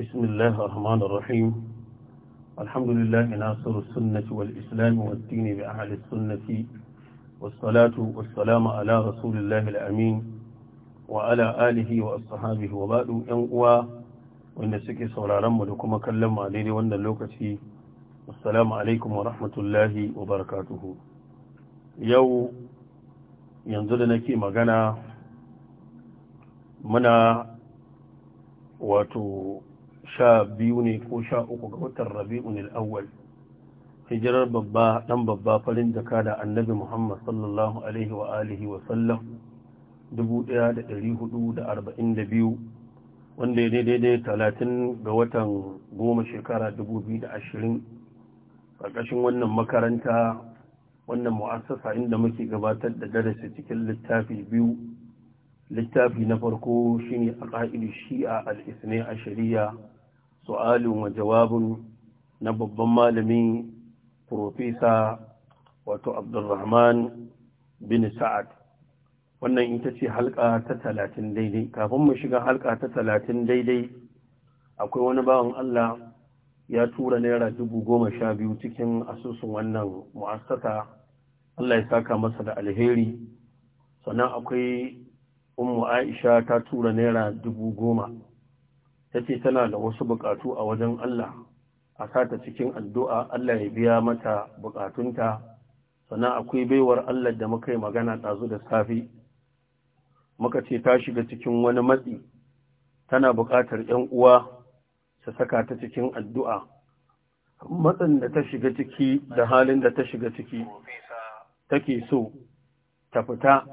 بسم الله الرحمن الرحيم الحمد لله ناصر السنة والإسلام والدين بأهل السنة والصلاة والسلام على رسول الله الأمين وعلى آله وأصحابه وبعد ينقوى وإن سكي صورا رم لكم أكلم عليه وأن اللوكتي والسلام عليكم ورحمة الله وبركاته يو ينزلنا كي مغانا منا wato sha biyu ne ko sha uku ga watan rabi'un al'awwal hijirar babba dan babba farin jaka da annabi muhammad sallallahu alaihi wa alihi wa sallam 1442 wanda ya daidai talatin ga watan goma shekara 2020 ƙarƙashin wannan makaranta wannan mu'assasa inda muke gabatar da darasi cikin littafi biyu littafi na farko shine a ƙa'idu shi'a al'isne a shari'a su'alin wa jawabin na babban malami profesa wato abdulrahman bin sa'ad wannan ita ce halka ta talatin daidai kafin mu shiga halka ta talatin daidai akwai wani bawan allah ya tura naira dubu goma sha biyu cikin asusun wannan mu'assasa allah ya saka masa da alheri sannan akwai ummu aisha ta tura naira dubu goma ta ce tana da wasu bukatu a wajen Allah a sata cikin addu'a Allah ya biya mata bukatunta sannan akwai baiwar Allah da muka yi magana ɗazu da safe muka ce ta shiga cikin wani matsi tana buƙatar ‘yan uwa su saka ta cikin addu'a matsin da ta shiga ciki da halin da ta shiga ciki take so ta fita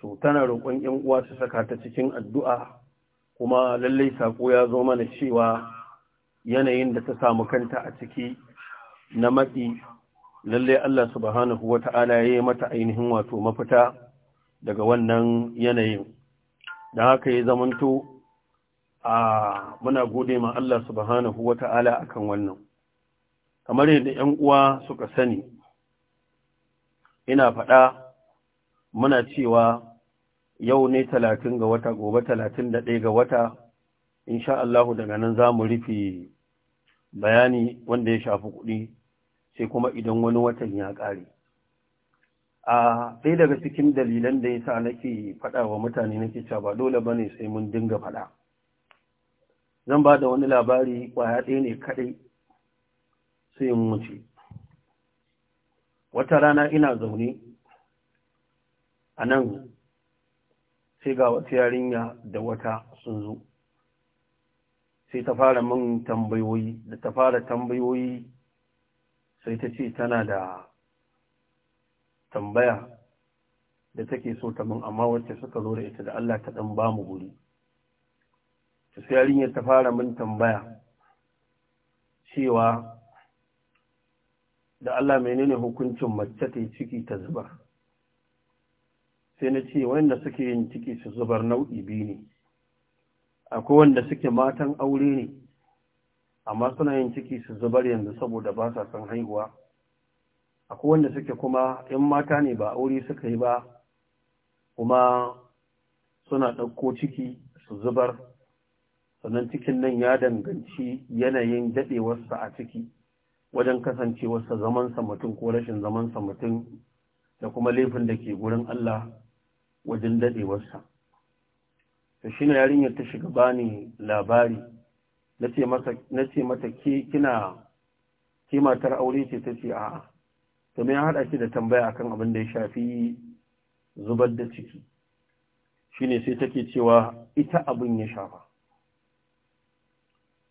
to tana roƙon ‘yan uwa su saka ta cikin addu'a kuma lallai saƙo ya zo mana cewa yanayin da ta samu kanta a ciki na matsi lallai Allah subhanahu wa ta'ala ya yi mata ainihin wato mafita daga wannan yanayin da haka ya zamanto a muna gode ma Allah subhanahu wa ta'ala akan wannan kamar yadda ‘yan uwa suka sani ina faɗa muna cewa yau ne talatin ga wata gobe talatin da ɗaya ga wata insha Allahu daga nan za mu rufe bayani wanda ya shafi kuɗi sai kuma idan wani watan ya ƙare a ɗaya daga cikin dalilan da ya sa nake faɗa wa mutane nake cewa ba dole ba ne sai mun dinga faɗa zan ba da wani labari ƙwaya ɗaya ne kaɗai sai mun wuce wata rana ina zaune a nan sai ga wata yarinya da wata sun zo sai ta fara min tambayoyi da ta fara tambayoyi sai ta ce tana da tambaya da take so ta min amma wacce suka zo da ita da Allah ta dan ba mu guri sai yarinyar ta fara min tambaya cewa da Allah menene hukuncin mace ta ciki ta zubar sai na ce wanda suke yin ciki su zubar nau'i biyu ne akwai wanda suke matan aure ne amma suna yin ciki su zubar yanzu saboda ba sa son haihuwa akwai wanda suke kuma yan mata ne ba aure suka yi ba kuma suna ɗauko ciki su zubar sannan cikin nan ya danganci yanayin daɗewarsa a ciki wajen kasancewarsa zamansa mutum ko rashin zamansa mutum da kuma laifin da ke gurin Allah wajen daɗewarsa ta shi ne yarinyar ta shiga bani labari na ce mata ke kina ke matar aure ce ta ce a'a ta mai ya haɗa shi da tambaya akan abin da ya shafi zubar da ciki shi ne sai take cewa ita abin ya shafa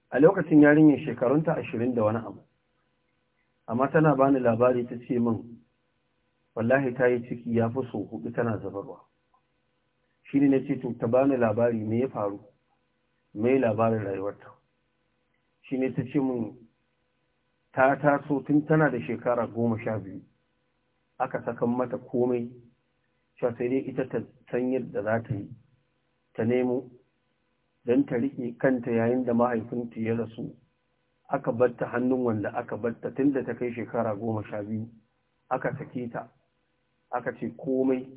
a lokacin yarinyar shekarunta ashirin da wani abu amma tana bani labari ta ce min wallahi ta yi ciki ya fi so hudu tana zubarwa shi ne na ce to ta bani labari me ya faru mai labarin rayuwarta shi ne ta ce mun ta taso tun tana da shekara goma sha biyu aka sakan mata komai sha sai dai ita ta san yadda za ta yi ta nemo don ta riƙe kanta yayin da mahaifinta ya rasu aka batta hannun wanda aka batta tun da ta kai shekara goma sha biyu aka sake ta aka ce komai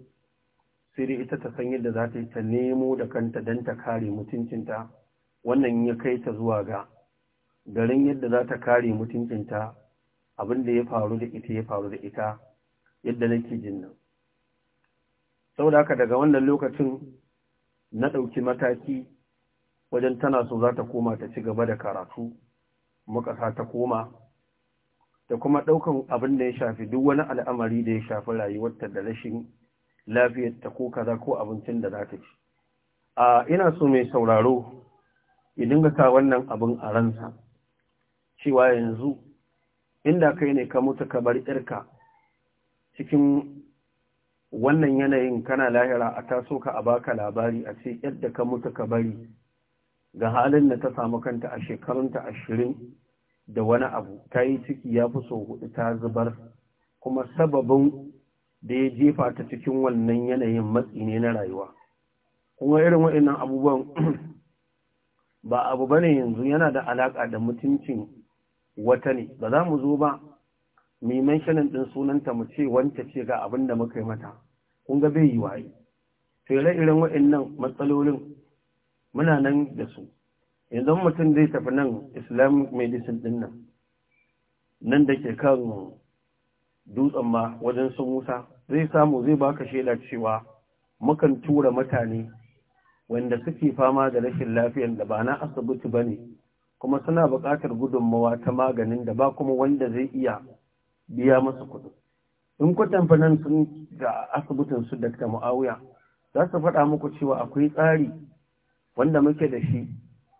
sai dai ita ta san yadda za ta yi ta nemo da kanta don ta kare mutuncinta wannan ya kai ta zuwa ga garin yadda za ta kare mutuncinta abin da ya faru da ita ya faru da ita yadda nake jin nan saboda haka daga wannan lokacin na ɗauki mataki wajen tana so za ta koma ta ci gaba da karatu makasa ta koma da kuma ɗaukan abin da ya shafi duk wani al'amari da ya shafi rayuwarta da rashin lafiyar ta ko kaza ko abincin da za ta ci a ina so mai sauraro ya dinga ka wannan abun a ransa cewa yanzu inda kai ne ka mutu ka bar irka cikin wannan yanayin kana lahira a taso ka a baka labari a ce yadda ka mutu ka bari ga halin da ta samu kanta a shekarunta ashirin da wani abu ta yi ciki ya fi so hudu ta zubar kuma sababin da ya jefa ta cikin wannan yanayin matsi ne na rayuwa kuma irin waɗannan abubuwan ba abu bane yanzu yana da alaƙa da mutuncin wata ne ba za mu zo ba mai manshanin ɗin sunanta mu ce wanta ce ga abin da muka yi mata kun ga bai yi waye fere irin waɗannan matsalolin muna nan da su yanzu mutum zai tafi nan islamic medicine ɗin nan nan da ke kan dutsen ma wajen sun musa zai samu zai baka shaida cewa mukan tura mutane wanda suke fama da rashin lafiyar da ba na asibiti ba ne kuma suna buƙatar gudunmawa ta maganin da ba kuma wanda zai iya biya masa kuɗi in kwatanfa nan sun ga asibitin su ta mu'awiya za su faɗa muku cewa akwai tsari wanda muke da shi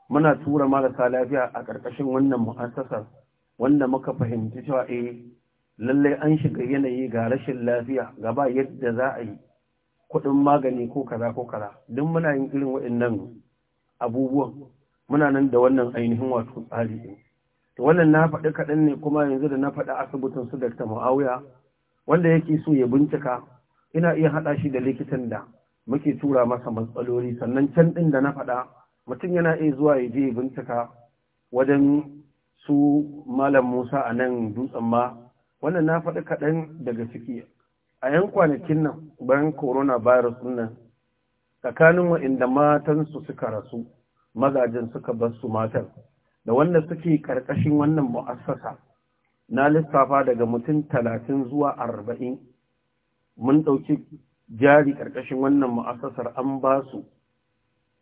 muna tura marasa lafiya a ƙarƙashin wannan mu'assasar wanda muka fahimci cewa eh lalle an shiga yanayi ga rashin lafiya ga ba yadda za a yi kuɗin magani ko kaza ko kaza duk muna yin irin waɗannan abubuwan muna nan da wannan ainihin wato tsari din to wannan na faɗi kaɗan ne kuma yanzu da na faɗi asibitin su Dr. Muawiya wanda yake so ya bincika ina iya haɗa shi da likitan da muke tura masa matsaloli sannan can ɗin da na faɗa mutum yana iya zuwa ya je bincika wajen su malam Musa a nan dutsen ma wannan na faɗi kaɗan daga ciki a yan kwanakin nan bayan coronavirus nan tsakanin waɗanda matansu suka rasu mazajen suka bar su matan da wanda suke ƙarƙashin wannan mu'assasa na lissafa daga mutum talatin zuwa arba'in mun ɗauki jari ƙarƙashin wannan mu'assasar an ba su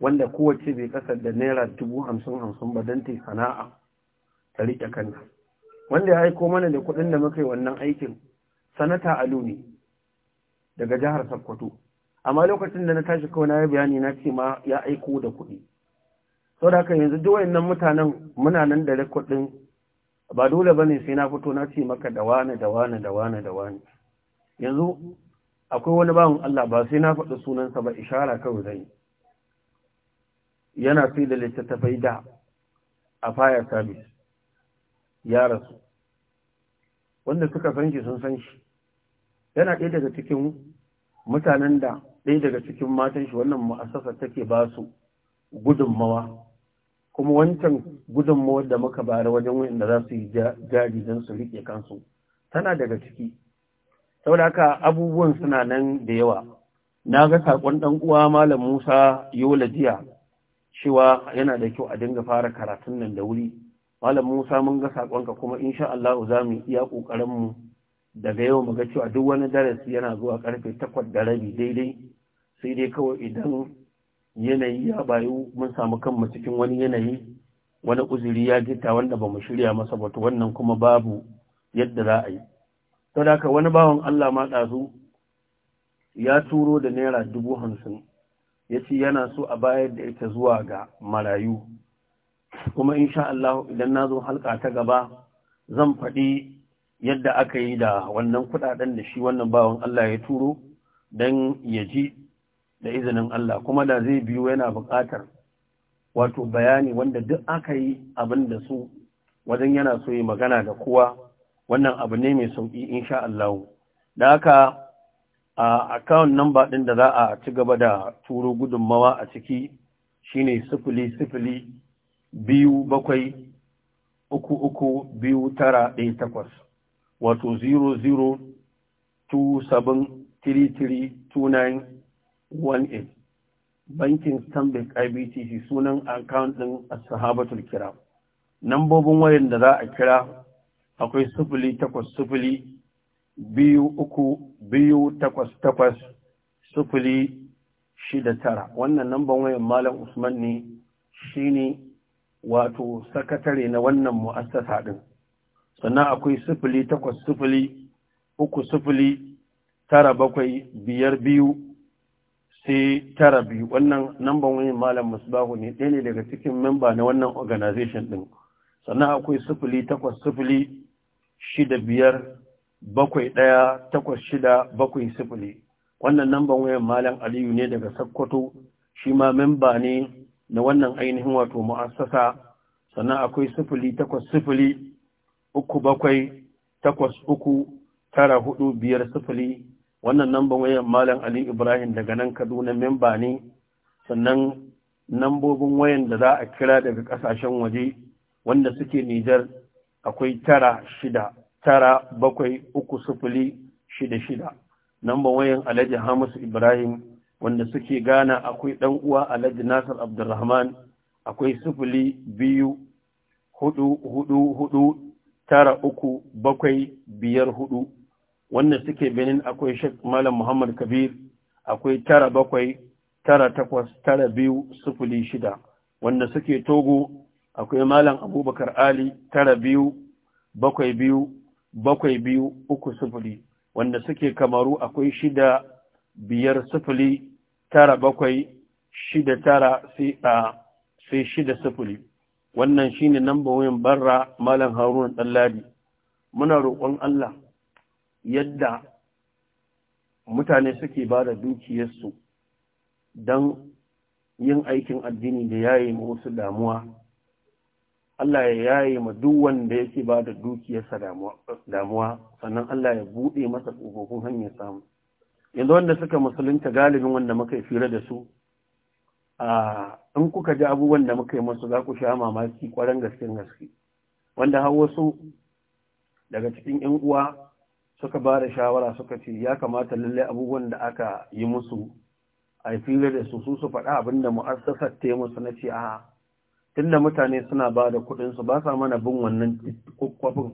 wanda kowace bai kasar da naira dubu hamsin hamsin ba don ta sana'a ta riƙe kanta wanda ya aiko mana da kuɗin da muka yi wannan aikin sanata alu ne daga jihar Sokoto amma lokacin da na tashi kawai na yi bayani na ce ma ya aiko da kuɗi sau da haka yanzu duk wayannan mutanen muna nan da rekodin ba dole bane sai na fito na ce maka da wani da wani da wani da wani yanzu akwai wani bawan Allah ba sai na faɗi sunansa ba ishara kawai zai yana sai da littattafai da a fire sabis, ya rasu wanda suka san shi sun san shi yana ɗaya daga cikin mutanen da ɗaya daga cikin matan shi wannan ma'asasa take ba su gudunmawa kuma wancan gudunmawar da muka bayar wajen da za su yi jari don su riƙe kansu tana daga ciki saboda haka abubuwan suna nan da yawa na ga saƙon ɗan uwa malam musa yola jiya cewa yana da kyau a dinga fara karatun nan da wuri malam Musa mun ga sakonka kuma insha Allah za mu iya kokarin mu daga yau mu ga cewa duk wani darasi yana zuwa karfe 8 da rabi daidai sai dai kawai idan yanayi ya bayu mun samu kanmu cikin wani yanayi wani uzuri ya gita wanda ba mu shirya masa ba to wannan kuma babu yadda za a yi to da wani bawan Allah ma dazu ya turo da naira dubu hamsin ya ce yana so a bayar da ita zuwa ga marayu kuma insha Allah idan na zo halka ta gaba zan faɗi yadda aka yi da wannan kuɗaɗen da shi wannan bawan Allah ya turo don ya ji da izinin Allah kuma da zai biyu yana buƙatar wato bayani wanda duk aka yi abin da su wajen yana so yi magana da kowa wannan abu ne mai sauƙi insha Allah da haka a account number ɗin da za a ci gaba da turo gudunmawa a ciki shine sifili sifili biyu bakwai uku uku biyu tara ɗaya takwas wato zero-zero eight bankin stanbic ibtc sunan account ɗin ashabatul kira nambobin wayan da za a kira akwai sufuli takwas sufuli, biyu uku biyu takwas takwas sufuli shida tara wannan namban wayan malam usman ne shi ne. wato sakatare na wannan mu'assasa din sannan akwai sifili takwas sifili uku sifili tara bakwai biyar biyu sai tara biyu wannan namban wani malam musbahu ne ɗaya ne daga cikin memba na wannan organization ɗin sannan akwai sifili takwas sifili shida biyar bakwai ɗaya takwas shida bakwai sifili wannan namban wani malam aliyu ne daga sakkwato shi ma memba ne na wannan ainihin wato mu'assasa sannan akwai sifili takwas sifili uku bakwai takwas uku tara hudu biyar sifili wannan namban wayan malam ali ibrahim daga nan kaduna memba ne sannan nambobin wayan da za a kira daga kasashen waje wanda suke nijar akwai tara shida tara bakwai uku sifili shida shida namban wayan alhaji hamisu ibrahim wanda suke gana akwai ɗan uwa Alhaji Nasir Abdulrahman akwai sifili biyu hudu hudu hudu tara uku bakwai biyar hudu wanda suke benin akwai Sheikh Malam Muhammad Kabir akwai tara bakwai tara takwas tara biyu sufuli shida wanda suke togo akwai Malam Abubakar Ali tara biyu bakwai biyu bakwai biyu uku sufuli wanda suke kamaru akwai shida biyar sifili tara bakwai shida tara sai shida sifili wannan shine namba wayan barra malam haruna ɗanladi muna roƙon Allah yadda mutane suke ba da dukiyarsu don yin aikin addini da yaye ma wasu damuwa Allah ya yaye ma duk wanda yake ba da dukiyarsa damuwa sannan Allah ya buɗe masa tsofaffin hanyar samu yanzu wanda suka musulunta galibin wanda muka yi fira da su a in kuka ji abubuwan da muka yi masu za ku sha mamaki kwaran gaske gaske wanda har wasu daga cikin yan uwa suka ba da shawara suka ce ya kamata lallai abubuwan da aka yi musu a yi fira da su su su faɗa abin da mu'assasar ta yi musu na ce a tunda mutane suna ba da kuɗinsu ba sa mana bin wannan kwakwafin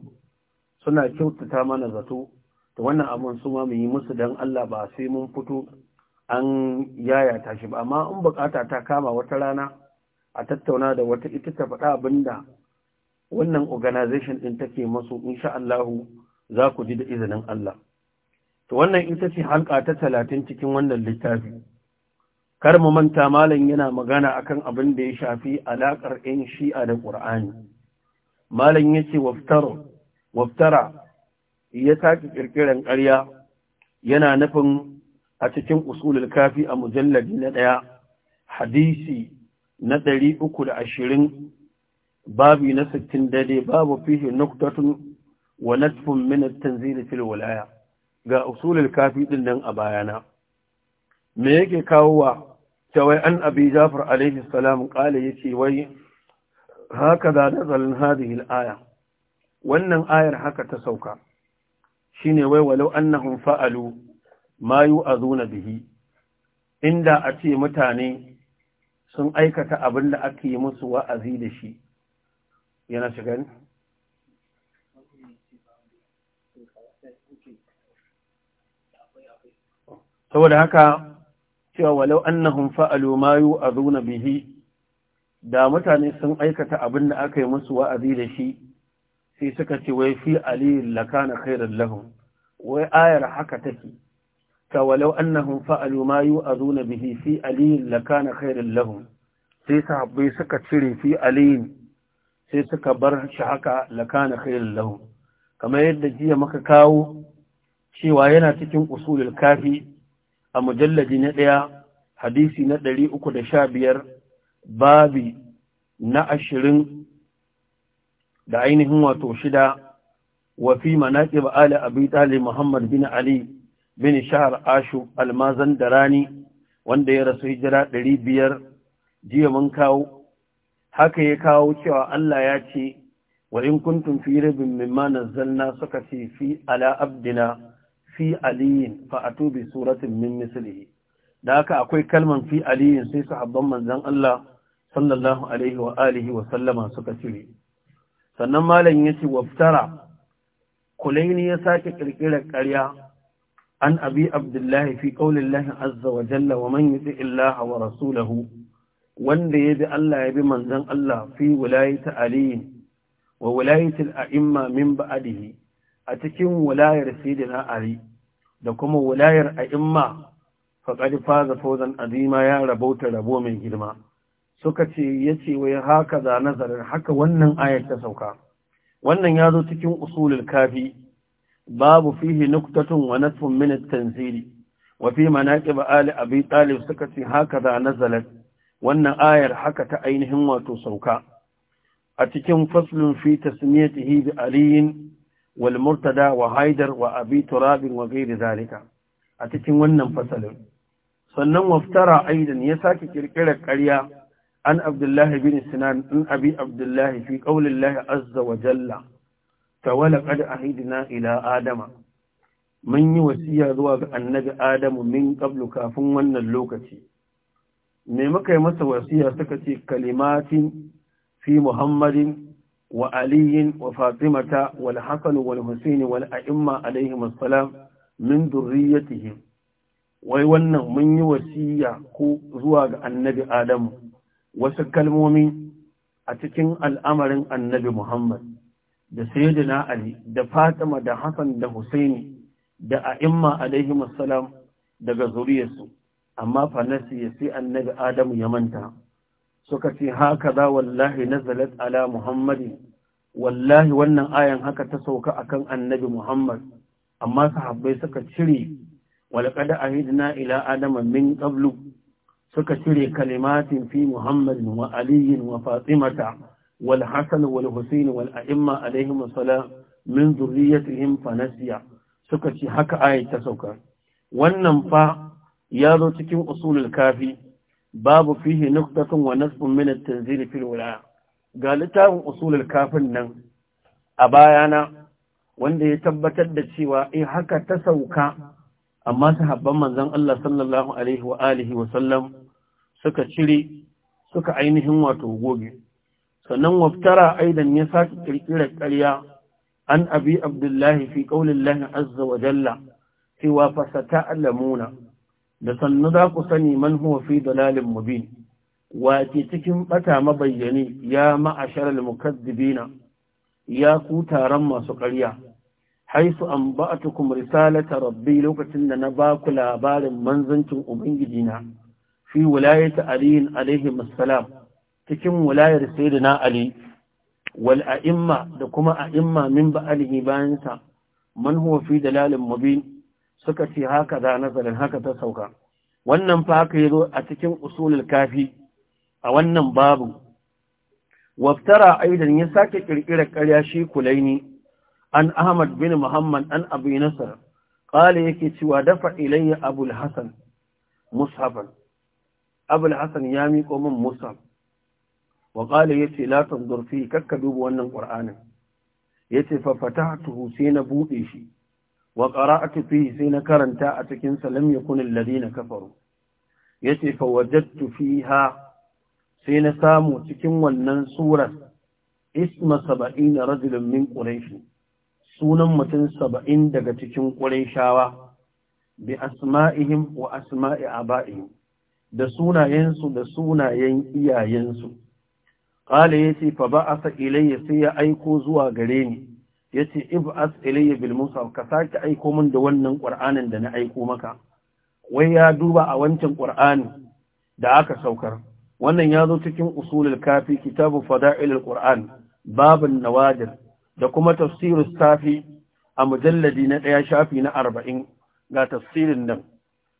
suna kyautata mana zato to wannan abun su ma mu yi musu dan Allah ba sai mun fito an yayata shi ba amma in bukata ta kama wata rana a tattauna da wata ita ta faɗa abinda wannan organization din take masu insha Allah za ku ji da izinin Allah to wannan ita ce halka ta talatin cikin wannan littafi kar mu manta malam yana magana akan abin da ya shafi alakar ɗin shi'a da ƙur'ani malam yace ce waftara ya sake kirkiran ƙarya yana nufin a cikin usulul kafi a mujalladi na ɗaya hadisi na ɗari uku da ashirin babi na sittin daidai babu fihi nuktatun wa natfun min at-tanzil fil walaya. ga usulul kafi din nan a bayana me yake kawowa wai an abi jafar alaihi salam kale yace wai haka da nazalin hadhihi al-aya wannan ayar haka ta sauka shine wai walau annahum fa'alu ma yu'azuna bihi inda a ce mutane sun aikata abin da ake musu wa'azi da shi yana shiga ne saboda haka cewa walau annahum fa'alu ma yu'azuna bihi da mutane sun aikata abin da aka yi musu wa'azi da shi sai suka ce wai fi aliyu lakana khairan lahum wai ayar haka take ka walau annahum fa'alu ma yu'azuna bihi fi aliyu lakana khairan lahum sai sahabbai suka cire fi aliyu sai suka bar shi haka lakana khairan lahum kamar yadda jiya muka kawo cewa yana cikin usulul kafi a mujallaji na ɗaya hadisi na ɗari uku da sha biyar babi na ashirin da ainihin wato shida wa fi manaqib ali abi talib muhammad bin ali bin shahar ashu almazan darani wanda ya rasu hijira biyar jiya mun kawo haka ya kawo cewa Allah ya ce wa in kuntum fi rabbin mimma nazzalna suka ce fi ala abdina fi aliyin fa atubi suratin min mislihi da haka akwai kalman fi aliyin sai sahabban manzon Allah sallallahu alaihi wa alihi wa sallama suka cire sannan malam ce waftara kulaini ya sake kirkirar ƙarya an abi abdullahi fi ƙaunin azza wa jalla wa man yuti illaha wa rasulahu wanda bi Allah ya bi manzon Allah fi wilayati ali wa wilayati al-a'imma min ba'dihi a cikin wulayar sidina ali da kuma wulayar a'imma faqad faza fawzan azima ya rabauta rabo mai girma suka ce ce, wai haka za nazarin haka wannan ayar ta sauka wannan ya zo cikin usulul kafi babu fihi nuktatun wa natfun min at-tanzili wa fi manaqib ali abi talib suka ce haka za nazalat wannan ayar haka ta ainihin wato sauka a cikin faslun fi tasmiyatihi bi aliyin wal murtada wa haidar wa abi turab wa ghairi zalika a cikin wannan fasalin sannan waftara aidan ya sake kirkirar ƙarya an abdullahi bin sinan in abi abdullahi fi ƙaulillahi azza wa jalla tawala qad ahidna ila adama mun yi wasiya zuwa ga annabi adamu min qablu kafin wannan lokaci me muka yi masa wasiya suka ce kalimatin fi muhammadin wa aliyin wa fatimata wal hasan wal husaini wal a'imma alaihim assalam min durriyatihim wai wannan mun yi wasiya ko zuwa ga annabi adamu wasu kalmomi a cikin al'amarin annabi Muhammad da Sayyidina Ali da Fatima da Hassan da Husaini da a'imma alaihi musallam daga zuriyarsu amma fanasi ya sai annabi Adamu ya manta suka ce haka za wallahi nazalat ala Muhammadin wallahi wannan ayan haka ta sauka akan annabi Muhammad amma sahabbai suka cire walqad a ila adama min ƙablu suka cire kalimatin fi Muhammad wa Aliyu wa Fatimata wal Hasan wal wal a'imma alaihim assalam min zurriyatihim fanasiya suka ce haka ayat ta sauka wannan fa ya zo cikin usulul kafi babu fihi nuqtatun wa nasbun min at-tanzil fil wilaya ga littafin usulul kafin nan a bayana wanda ya tabbatar da cewa in eh haka ta sauka amma sahabban manzon Allah sallallahu alaihi wa alihi wa sallam suka cire suka ainihin wato goge sannan waftara aidan ya saki kirkirar ƙarya an abi abdullahi fi qaulillahi azza wa jalla cewa fa sata'lamuna da sannu za ku sani man huwa fi dalalin mubin wa ke cikin bata mabayyani ya ma'asharal mukaddibina ya ku taron masu ƙarya haisu an tukum risalata rabbi lokacin da na ba ku labarin manzancin na fi wilayata aliyin alaihi musallam cikin wilayar sayyidina ali wal a'imma da kuma a'imma min bayan bayansa man huwa fi dalalin mubin suka ce haka za nazarin haka ta sauka wannan fa haka yazo a cikin usulul kafi a wannan babu waftara aidan ya sake kirkirar ƙarya shi kulaini an Ahmad bin Muhammad an Abu Nasar qala yake cewa dafa ilayya Abu Hassan mushafan Hassan ya miƙo min mushaf wa qala yace la kar ka kakka duba wannan Ya yace fa fatahtuhu sai na bude shi wa a fi sai na karanta a cikin sa lam yakun kafaro. Ya yace fa wajadtu fiha sai na samu cikin wannan surar isma 70 rajulun min quraish sunan mutum saba'in daga cikin ƙurayshawa bi asma'ihim wa asma'i a aba'ihim da sunayensu da sunayen iyayensu qala yace fa ba'atha ilayya sai ya aiko zuwa gare ni yace ib'as ilayya bil mushaf ka sake aiko min da wannan qur'anin da na aiko maka wai ya duba a wancan qur'ani da aka saukar wannan ya zo cikin usulul kafi kitabu al qur'an babun nawadir da kuma tafsirin safi a mujalladi na ɗaya shafi na arba'in ga tafsirin nan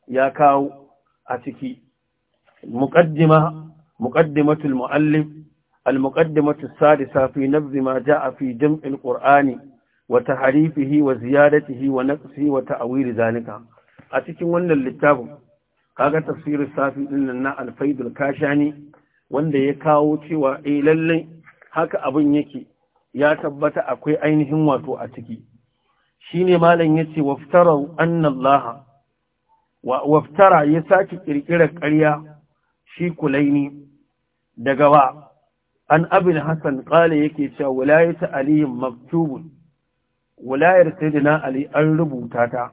ya kawo a ciki muƙaddimatul mu'allif al sadi safi na zima ja a fi jam'il ƙur'ani Wata harifihi wa ziyadatihi wa naqsihi wa ta'awiri zalika a cikin wannan littafin kaga tafsirin safi din na al-faidul kashani wanda ya kawo cewa eh lallai, haka abin yake ya tabbata akwai ainihin wato a ciki shine malam yace waftarau annallaha waftara ya sake ƙirƙirar ƙarya shi kulaini daga wa an abin hasan ƙale yake cewa wilayata aliyin maktubun na sayyidina ali an rubuta ta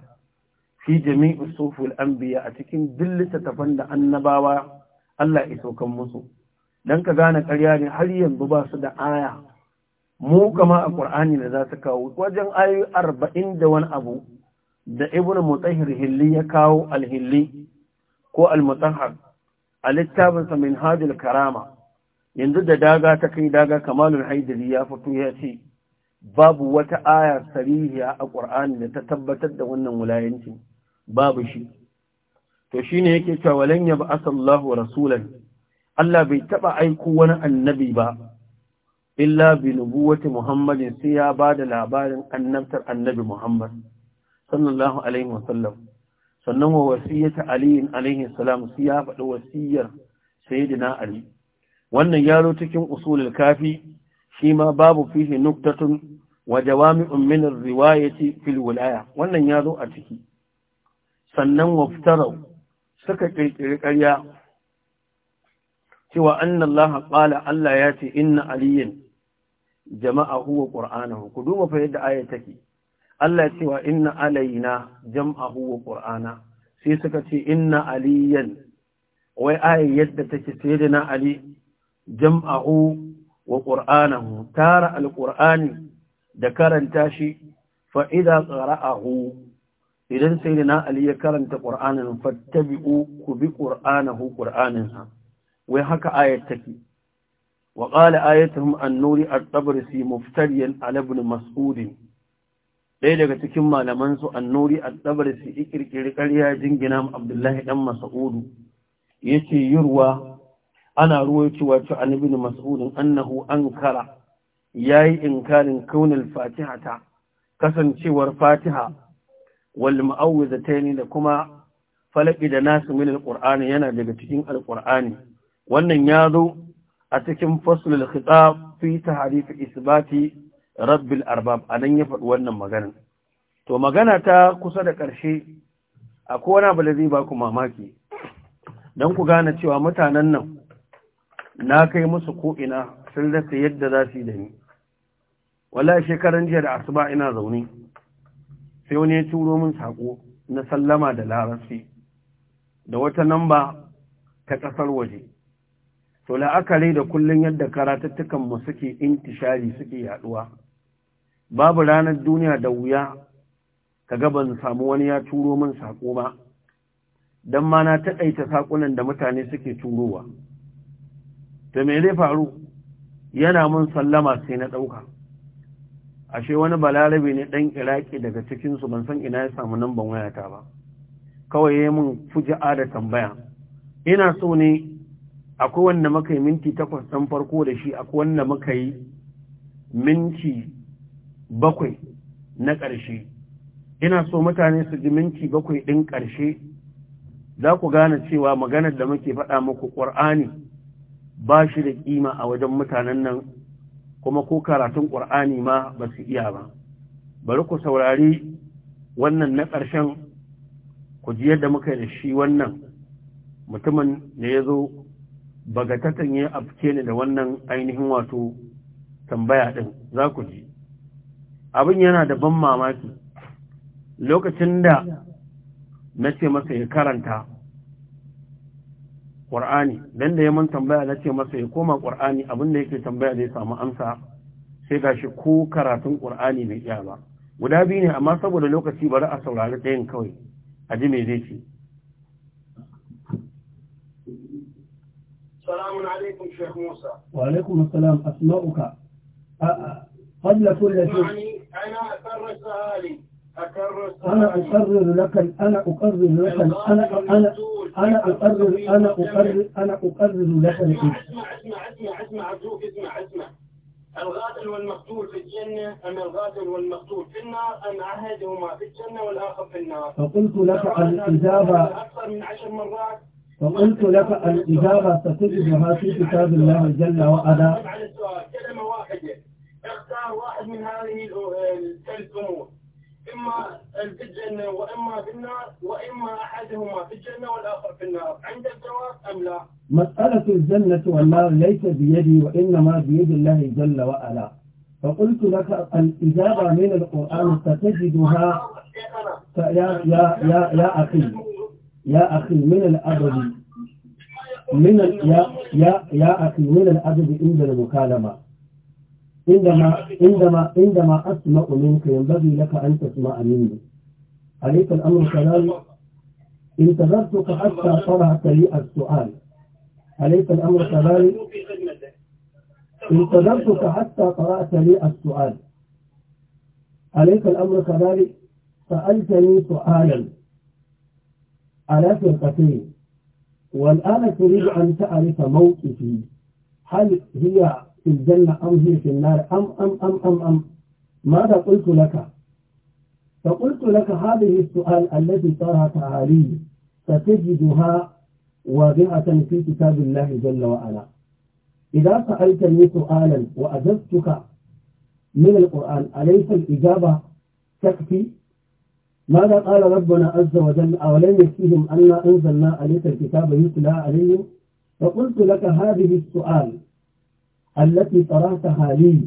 fi jami'in an anbiya a cikin duk littattafan da annabawa Allah ya saukan musu dan ka gane ƙarya ne har yanzu ba su da aya mu kama a ƙur'ani da za ta kawo wajen ayoyi arba'in da wani abu da ibn mutahir hilli ya kawo alhilli ko almutahar a littafinsa min hajjul karama yanzu da daga ta kai daga kamalul haidari ya fito ya ce babu wata aya sarihiya a ƙur'ani da ta tabbatar da wannan wulayanci babu shi to shine yake cewa lan ya ba'asallahu rasulan Allah bai taɓa aiko wani annabi ba illa bi nubuwati muhammadin sai ya ba da labarin annabtar annabi muhammad sallallahu alaihi wasallam sannan wa wasiyyata aliyin alaihi salam sai ya faɗi wasiyyar sayyidina ali wannan yaro cikin usulul kafi shi ma babu fihi nuktatun wa jawami'un min riwayati fil wilaya wannan yaro a ciki sannan waftarau suka kirkiri karya, cewa annallaha qala Allah ya ce inna aliyin jama'a huwa qur'anahu ku duba fa yadda ayat take Allah cewa inna alaina jam'ahu wa ƙur'ana sai suka ce inna aliyan wai ayat yadda take sayyidina ali jam'ahu wa qur'anahu tara alqur'ani da karanta shi fa idza qara'ahu idan sayyidina ali ya karanta ƙur'anin fattabi'u ku bi qur'anahu ƙur'aninsa. wai haka ayat take Waƙala, آيتهم annori, الطبرسي مفتريا على ابن مسعود ɗaya daga cikin malamansu annuri al-tabarisi ikirkiri karya, jingina abdullahi ɗan mas'udu ya ce ruwa. ana ruwa cewa ci an ibn mas'udin annahu ankara ya yi inkarin kaunin fatiha ta kasancewar fatiha wal ma'awwizataini da kuma falaƙi da nasu min al yana daga cikin Alƙur'ani? wannan ya zo a cikin faslul khitab fi tahrif isbati rabbil arbab anan ya faɗi wannan magana to magana ta kusa da ƙarshe akwai wani abu da zai ba ku mamaki don ku gane cewa mutanen nan na kai musu ko'ina sun rasa yadda za su yi da ni wala shekaran jiya da asuba ina zaune sai wani ya turo min sako na sallama da larabci da wata namba ta ƙasar waje to la'akari da kullum yadda karatattukan mu suke intishari suke yaduwa babu ranar duniya da wuya kaga ban samu wani ya turo min saƙo ba dan ma na taƙaita sakunan da mutane suke turowa to me zai faru yana mun sallama sai na ɗauka. ashe wani balarabe ne dan iraki daga cikinsu ban san ina ya samu namban wayata ba kawai yayin mun fuji'a da tambaya ina so ne akwai wanda muka yi minti takwas ɗan farko da shi akwai wanda muka yi minti bakwai na ƙarshe ina so mutane su ji minti bakwai ɗin ƙarshe za ku gane cewa maganar da muke faɗa muku ƙur'ani ba shi da ƙima a wajen mutanen nan kuma ko karatun ƙur'ani ma ba su iya ba bari ku saurari wannan na ƙarshen ku ji yadda muka yi da shi wannan mutumin da ya zo tatanye ya afke ni da wannan ainihin wato tambaya ɗin za ku ji abin yana da ban mamaki lokacin da na ce masa ya karanta ƙwar'ani don da ya tambaya na ce masa ya koma ƙwar'ani abin da yake tambaya zai samu amsa sai ga shi ko karatun ƙwar'ani mai iya ba guda biyu ne amma saboda lokaci bari a saurari ɗayan kawai a ji me zai ce السلام عليكم شيخ موسى وعليكم السلام أسمعك قبل كل شيء يعني أنا أكرر سؤالي أنا أقرر لك أنا أقرر لك أنا أنا أنا أقرر أنا أقرر أنا أقرر لك اسمع اسمع اسمع اسمع اسمع اسمع اسمع الغادر والمقتول في الجنة أم الغادر والمقتول في النار أم عهدهما في الجنة والآخر في النار فقلت لك الإجابة أكثر من عشر مرات فقلت لك الإجابة ستجدها في كتاب الله جل وعلا كلمة واحدة اختار واحد من هذه الثلاث أمور إما في الجنة وإما في النار وإما أحدهما في الجنة والآخر في النار عند الجواب أم لا مسألة الجنة والنار ليس بيدي وإنما بيد الله جل وعلا فقلت لك الإجابة من القرآن ستجدها يا يا يا يا أخي يا أخي من الأدب من ال... يا يا يا أخي من الأدب عند المكالمة عندما عندما عندما أسمع منك ينبغي لك أن تسمع مني عليك الأمر كذلك انتظرتك حتى طرحت لي السؤال عليك الأمر كذلك انتظرتك حتى طرحت لي السؤال عليك الأمر كذلك سألتني سؤالا على فرقتين والآن تريد أن تعرف موقفي هل هي في الجنة أم هي في النار أم أم أم أم أم ماذا قلت لك فقلت لك هذه السؤال التي ترى تعالي ستجدها واضحة في كتاب الله جل وعلا إذا سألتني سؤالا وأجبتك من القرآن أليس الإجابة تكفي ماذا قال ربنا عز وجل أولم يكفيهم أن أنزلنا عليك الكتاب يتلى عليهم فقلت لك هذه السؤال التي طرحتها لي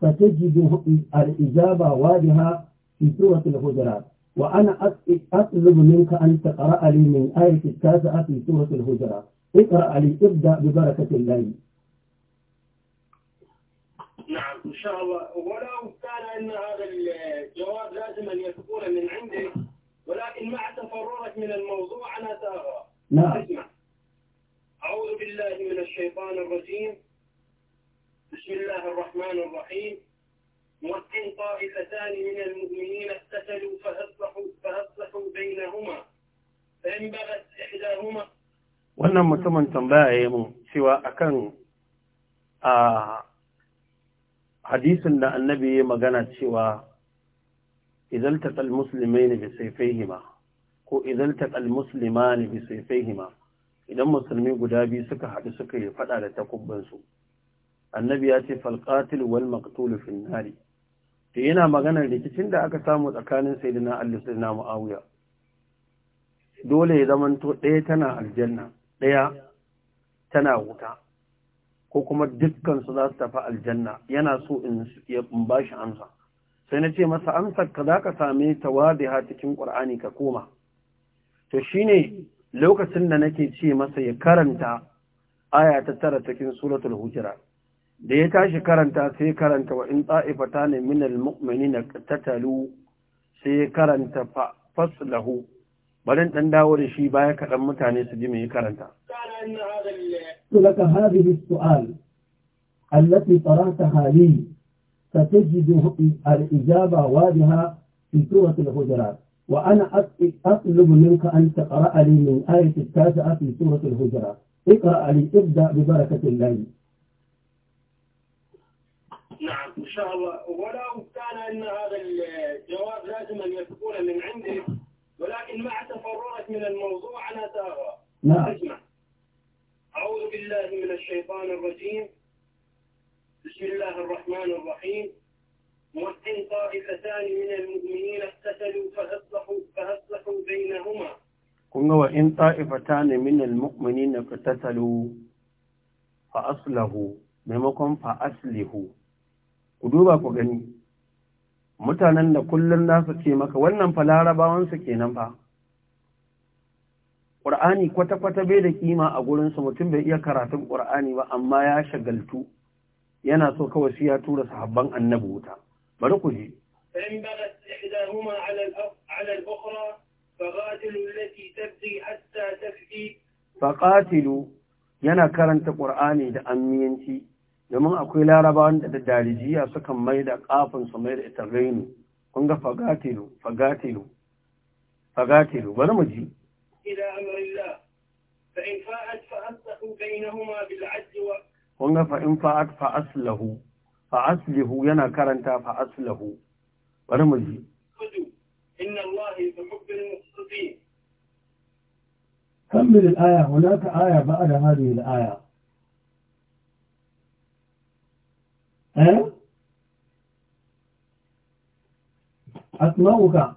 فتجد الإجابة واضحة في سورة الهجرات وأنا أطلب منك أن تقرأ لي من آية التاسعة في سورة الهجرات اقرأ لي ابدأ ببركة الله إن شاء الله ولو كان أن هذا الجواب لازم أن يكون من عندي ولكن مع تفرغك من الموضوع أنا سأرى نعم اسمع أعوذ بالله من الشيطان الرجيم بسم الله الرحمن الرحيم موكل طائفتان من المؤمنين اقتتلوا فأصلحوا فأصلحوا بينهما فإن بغت إحداهما وانما mutumin tambaya ya mun cewa آه، hadisin da annabi ya magana cewa idan taqal muslimaini bi sayfihima ko idan taqal muslimani bi sayfihima idan musulmi guda biyu suka haɗu suka yi faɗa da takubban su annabi ya ce falqatil wal maktulu fi nari to yana maganar rikicin da aka samu tsakanin sayyidina Ali sayyidina Muawiya dole ya zamanto ɗaya tana aljanna ɗaya tana wuta ko kuma dukkansu za su tafi aljanna yana so in ba shi amsa sai na ce masa amsar ka za ka same ta wadiha cikin ƙur'ani ka koma to shine lokacin da nake ce masa ya karanta aya ta tara cikin suratul hujira da ya tashi karanta sai karanta wa in ta'ifata ne min na tattalu sai karanta faslahu barin dan dawo da shi baya kaɗan mutane su ji me karanta لك هذه السؤال التي طرحتها لي ستجد الإجابة واضحة في سورة الهجرات وأنا أطلب منك أن تقرأ لي من آية التاسعة في سورة الهجرات اقرأ لي ابدأ ببركة الله نعم إن شاء الله ولو كان أن هذا الجواب لازم أن يكون من عندي ولكن مع تفرغك من الموضوع أنا سأرى نعم أسمع أعوذ بالله من الشيطان الرجيم بسم الله الرحمن الرحيم وإن طائفتان من المؤمنين اقتتلوا فأصلحوا فأصلحوا بينهما قلنا وإن طائفتان من المؤمنين اقتتلوا فأصلحوا maimakon fa'aslihu ku duba ku gani mutanen da kullum nasu ce maka wannan fa larabawansu kenan fa ƙur'ani kwata-kwata bai da kima a gurinsa mutum bai iya karatun ƙur'ani ba amma ya shagaltu yana so kawai shi ya tura sahabban annabi wuta bari ku ji faƙatilu yana karanta ƙur'ani da amiyanci domin akwai larabawan da da darijiya sukan mai da ƙafin su mai da ita rainu kun ga fagatilu bari mu ji إلى أمر الله فإن فاءت فأصلحوا بينهما بالعدل و... هنا فإن فاءت فأصله فأصله ينا كرنتا فأصله ورمزي إن الله يحب المقتصدين كمل الآية هناك آية بعد هذه الآية أه؟ أسمعك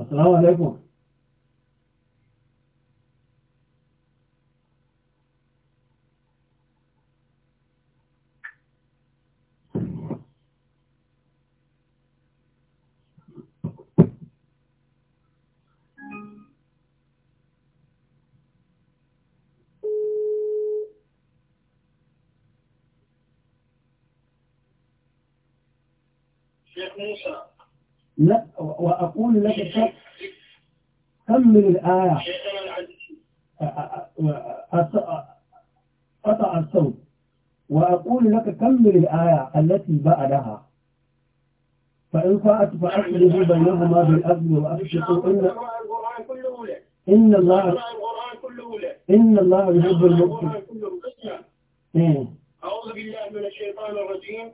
我打完了电话。接通了。لا وأقول لك كم من الآية قطع الصوت وأقول لك كم من الآية التي بعدها فإن فأت فأخرج بينهما بالأذن وأبشقوا إن إن الله إن الله يحب المؤمنين إيه. أعوذ بالله من الشيطان الرجيم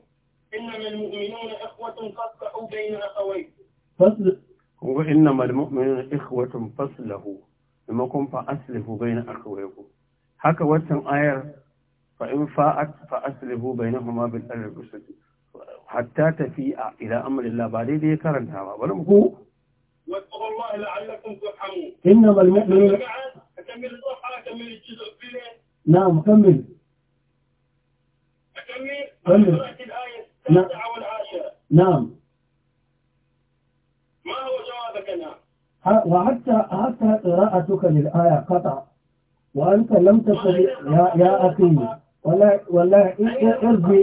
إنما المؤمنون إخوة قد بين أخوين فصل وإنما المؤمنون إخوة فصله لما كن فأصله بين أخوه هكا وثن آير فإن فاءت فأصله بينهما بالأرض الأسد حتى تفيء إلى أمر الله بعد ذي كرن هذا ولم هو واتقوا الله لعلكم ترحمون إنما المؤمنون أكمل الضحى أكمل الجزء فيه نعم كمل أكمل كمل الآية التاسعة نعم. والعاشرة نعم وحتى حتى قراءتك للآية قطع وأنت لم تستطع يا يا أخي ولا ولا ارجع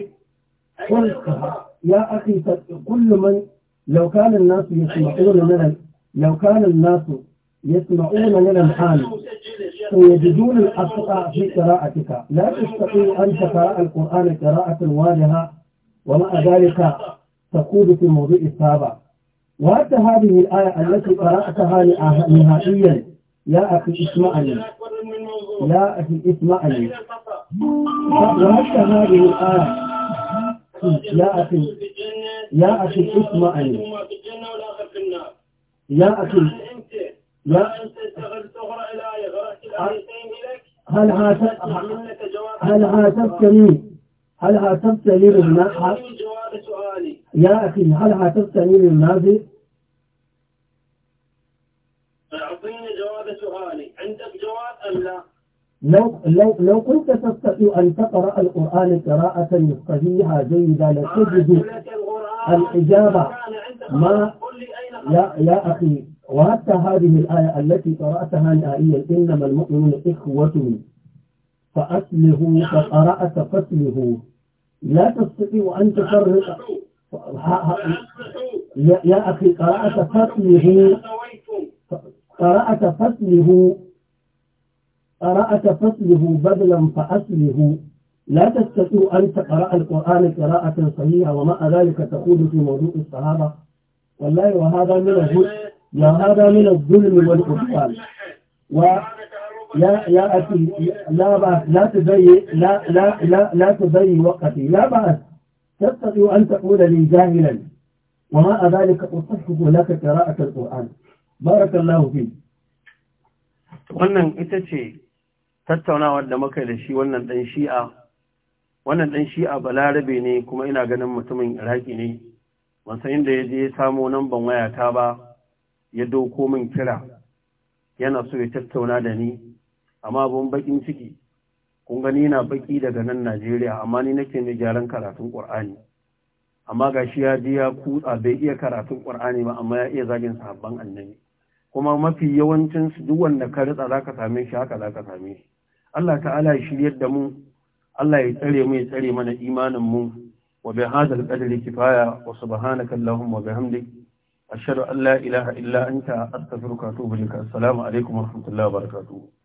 ارجع يا أخي كل من لو كان الناس يسمعون لنا لو كان الناس يسمعون لنا الآن سيجدون الأخطاء في قراءتك لا تستطيع أن تقرأ القرآن قراءة واضحة ومع ذلك تقود في الموضوع السابق وأنت هذه الآية التي قرأتها نهائيا يا أخي اسمعني يا أخي اسمعني وأنت هذه الآية يا أخي يا أخي اسمعني يا أخي لا هل هاتفت هل هاتفتني هل هاتفتني بالنحو يا أخي هل حسبتني من ماذا؟ أعطيني جواب سؤالي عندك جواب أم لا؟ لو لو لو كنت تستطيع أن تقرأ القرآن قراءة يفقهيها جيدة لتجد الإجابة ما يا يا أخي وحتى هذه الآية التي قرأتها نهائيا إنما المؤمنون إخوة فأسله نعم. فقرأت فأسله لا تستطيع أن تفرق نعم. يا أخي قراءة فصله قراءة فصله قراءة فصله بدلا فأصله لا تستطيع أن تقرأ القرآن قراءة صحيحة ومع ذلك تقول في موضوع الصحابة والله وهذا من الظلم وهذا من الظلم و يا يا أخي لا بأس لا تضيع لا لا لا لا تضيع وقتي لا بأس تستطيع أن تقول لي جاهلا وما ذلك أصحح لك قراءة القرآن بارك الله فيك wannan ita ce tattaunawar da muka da shi wannan dan shi'a wannan shi'a balarabe ne kuma ina ganin mutumin iraki ne ban san inda ya je ya samo namban wayata ba ya doko min kira yana so ya tattauna da ni amma abun bakin ciki kun gani na baki daga nan Najeriya amma ni nake mai gyaran karatun Qur'ani amma gashi ya je ya kutsa bai iya karatun Qur'ani ba amma ya iya zagin sahabban annabi kuma mafi yawancin su duk wanda ka ritsa zaka same shi haka zaka same shi Allah ta'ala ya shiryar da mu Allah ya tsare mu ya tsare mana imanin mu wa bi hadal qadri kifaya wa subhanaka allahumma wa bihamdik ashhadu an la ilaha illa anta astaghfiruka wa atubu ilaik assalamu alaikum wa rahmatullahi wa barakatuh